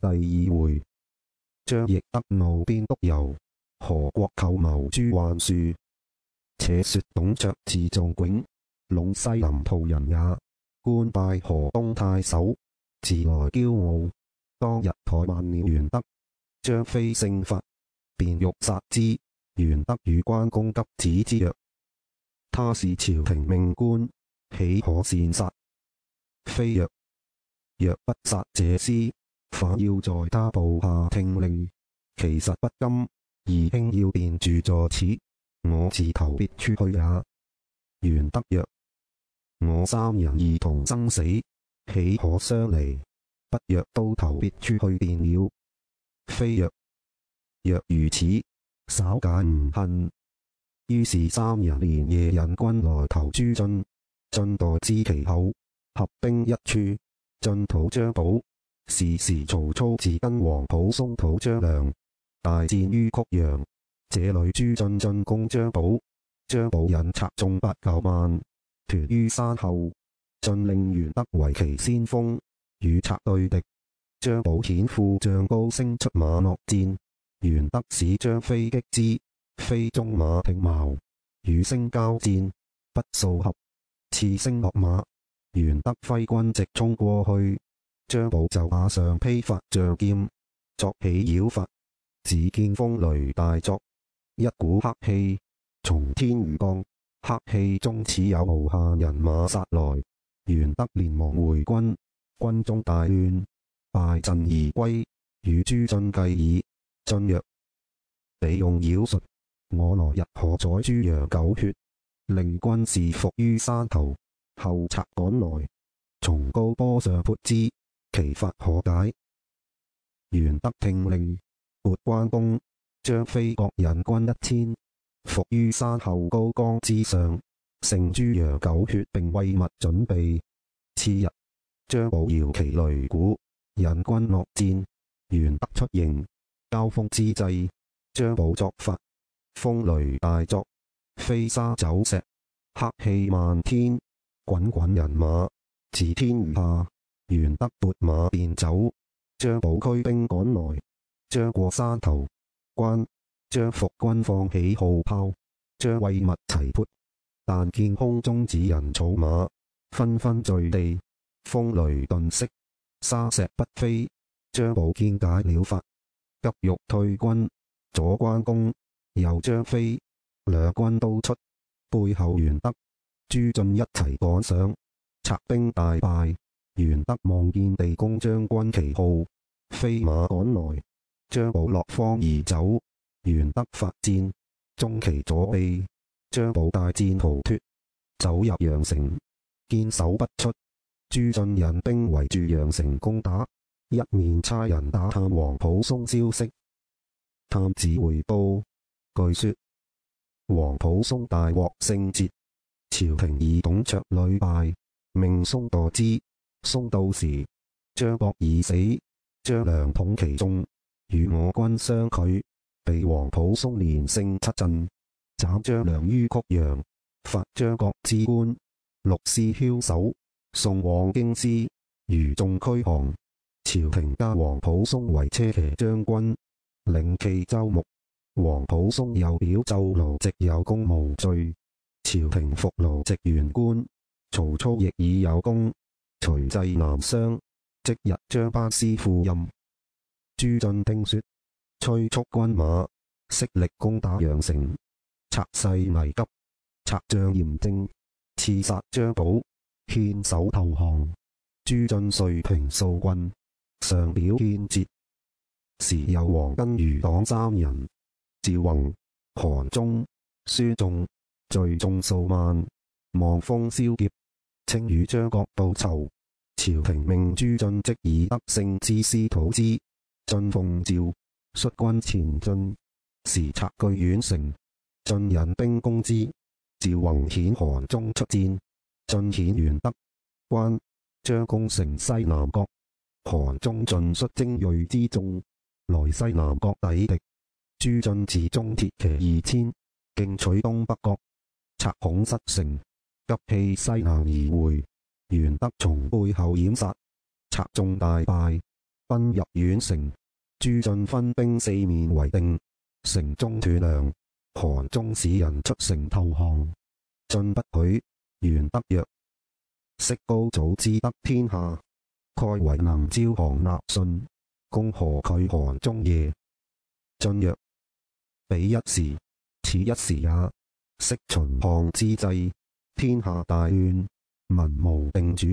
第二回，張翼德怒鞭督郵，何國舅謀誅宦豎。且說董卓字仲顈，隴西臨洮人也，官拜河東太守，自來驕傲。當日怠慢了玄德，張飛性發，便欲殺之。玄德與關公急止之曰：他是朝廷命官，豈可擅殺？飛曰：若不殺這廝。反要在他部下聽令，其實不甘，二兄要便住在此，我自投別處去也。玄德曰：我三人義同生死，豈可相離？不若都投別處去便了。飛曰：若如此，稍解吾恨。於是三人連夜引軍來投朱雋，雋待之其厚，合兵一處，進討張寶。是時，時，曹操自跟皇甫嵩討張梁大戰於曲陽。這裏朱雋進攻張寶，張寶引賊眾八九萬屯於山後。雋令玄德為其先鋒，與賊對敵。張寶遣副將高升出馬搦戰。玄德使張飛擊之，飛縱馬挺矛，與升交戰，不數合，刺升落馬。玄德麾軍直衝過去。張寶就馬上披髮仗劍，作起妖法，只見風雷大作，一股黑氣從天而降，黑氣中似有無限人馬殺來。玄德連忙回軍，軍中大亂，敗陣而歸。與朱俊計議，俊曰：彼用妖術，我來日可宰豬羊狗血，令軍士伏於山頭，候賊趕來，從高坡上潑之。其法可解。玄德聽令，撥關公張飛各引軍一千，伏於山後高岡之上，盛豬羊狗血，並穢物準備。次日，張寶搖旗擂鼓，引軍搦戰。玄德出迎，交鋒之際，張寶作法，風雷大作，飛沙走石，黑氣漫天，滾滾人馬自天而下。玄德撥馬便走，張寶驅兵趕來，將過山頭，關、張伏軍放起號炮，將穢物齊潑。但見空中紙人草馬紛紛墜地，風雷頓息，砂石不飛。張寶見解了法，急欲退軍，左關公，右張飛，兩軍都出，背後玄德、朱雋一齊趕上，賊兵大敗。玄德望見地公將軍旗號，飛馬趕來。張寶落荒而走。玄德發箭，中其左臂。張寶帶箭逃脫，走入陽城，堅守不出。朱雋引兵圍住陽城攻打，一面差人打探皇甫嵩消息。探子回報，具說皇甫嵩大獲勝捷，朝廷以董卓屢敗，命嵩代之。嵩到時，張角已死，張梁統其眾，與我軍相拒，被皇甫嵩連勝七陣，斬張梁於曲陽，發張角之棺，戮屍梟首，送往京師。餘眾俱降，朝廷加皇甫嵩為車騎將軍，領冀州牧。皇甫嵩又表奏盧植有功無罪，朝廷復盧植原官。曹操亦以有功。除濟南相，即日將班師赴任。朱雋聽說，催促軍馬，悉力攻打陽城。賊勢危急，賊將嚴政，刺殺張寶，獻首投降。朱雋遂平數郡，上表獻捷。時有黃巾餘黨三人：趙弘、韓忠、孫仲，聚眾數萬，望風燒劫。稱與張國報仇，朝廷命朱進即以得勝之師討之。進奉詔，率軍前進，時賊據宛城，進引兵攻之。趙宏顯、韓中出戰，進顯元德軍將公城西南角，韓中進率精銳之眾來西南角抵敵。朱進自中鐵騎二千，徑取東北角，策恐失城。急棄西南而回，玄德從背後掩殺，賊眾大敗，奔入宛城。朱雋分兵四面圍定，城中斷糧。韓忠使人出城投降，雋不許。玄德曰：昔高祖之得天下，蓋為能招降納順，公何拒韓忠耶？雋曰：彼一時，此一時也。昔秦項之際。天下大亂，民無定主，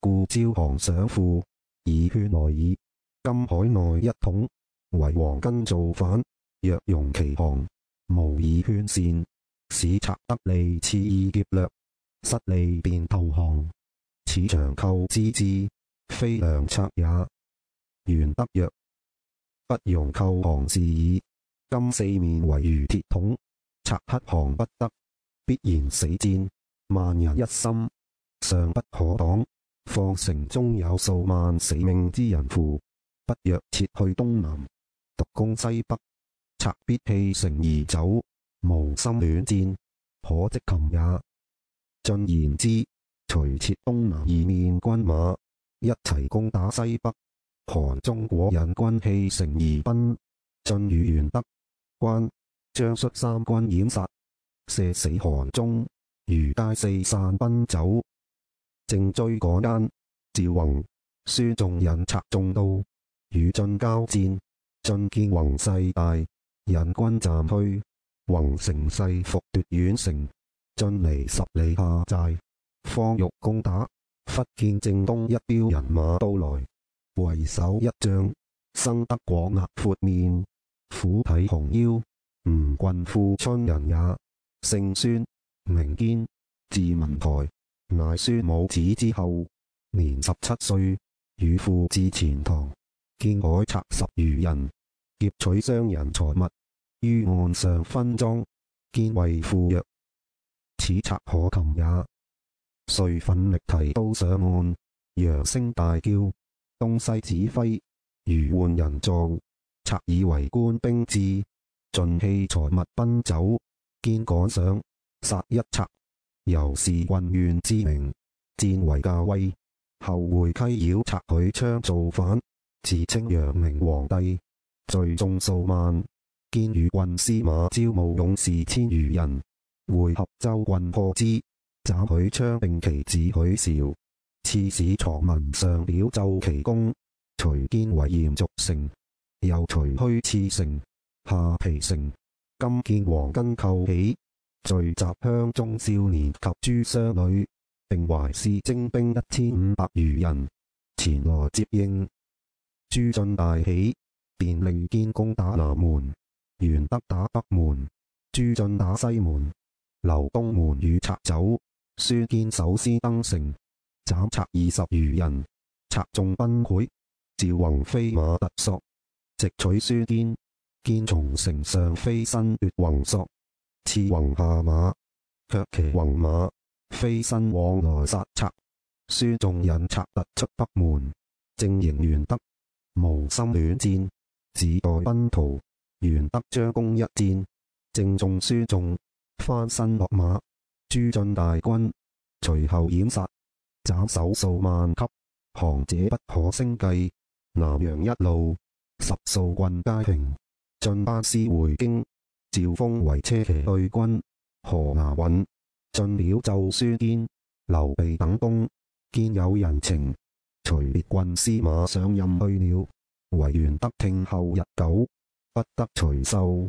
故招降賞附，以勸來耳。今海內一統，惟黃巾造反，若容其降，無以勸善；使賊得利，恣意劫掠，失利便投降。此長寇之志，非良策也。玄德曰：不容寇降是矣。今四面圍如鐵桶，賊乞降不得，必然死戰。萬人一心，尚不可擋。況城中有數萬死命之人乎？不若撤去東南，獨攻西北，賊必棄城而走，無心戀戰，可即擒也。雋然之，隨撤東南二面軍馬，一齊攻打西北，韓忠果引軍棄城而奔，雋與玄德關、張率三軍掩殺，射死韓忠。餘皆四散奔走，正追趕間，趙弘、孫仲引賊眾到，與雋交戰，雋見弘勢大，引軍暫退，弘乘勢復奪宛城，雋離十里下寨，方欲攻打，忽見正東一彪人馬到來，為首一將，生得廣額闊面，虎體熊腰，吳郡富春人也，姓孫。名堅字文臺，乃孫武子之後。年十七歲，與父至錢塘，見海賊十餘人，劫取商人財物，於岸上分贓。堅謂父曰：此賊可擒也。遂奮力提刀上岸，揚聲大叫，東西指揮，如喚人狀。賊以為官兵至，盡棄財物奔走。堅趕上。殺一賊，由是郡縣知名；薦為校尉，後會稽妖賊，許昌造反，自稱陽明皇帝，聚眾數萬，堅與郡司馬招募勇，勇士千餘人，會合州郡破之，斬許昌，並其子許韶，刺史臧旻上表奏其功，除堅為鹽瀆丞，又除盱眙丞、下邳丞，今見黃巾寇起。聚集鄉中少年及諸商旅，並淮泗精兵一千五百餘人，前來接應。朱雋大喜，便令堅攻打南門，玄德打北門，朱雋打西門，留東門與賊走。孫堅首先登城，斬賊二十餘人，賊眾奔潰。趙弘飛馬突槊，直取孫堅，堅從城上飛身奪弘槊。刺弘下馬，卻騎弘馬，飛身往來殺賊。孫仲引賊突出北門，正迎玄德，無心戀戰，只待奔逃。玄德張弓一箭，正中孫仲，翻身落馬。朱雋大軍隨後掩殺，斬首數萬級，降者不可勝計。南陽一路十數郡皆平，雋班師回京。詔封為車騎，對軍河南尹。雋表奏孫堅、劉備等功，堅有人情，除別郡司馬上任去了。惟玄德聽候日久，不得除授。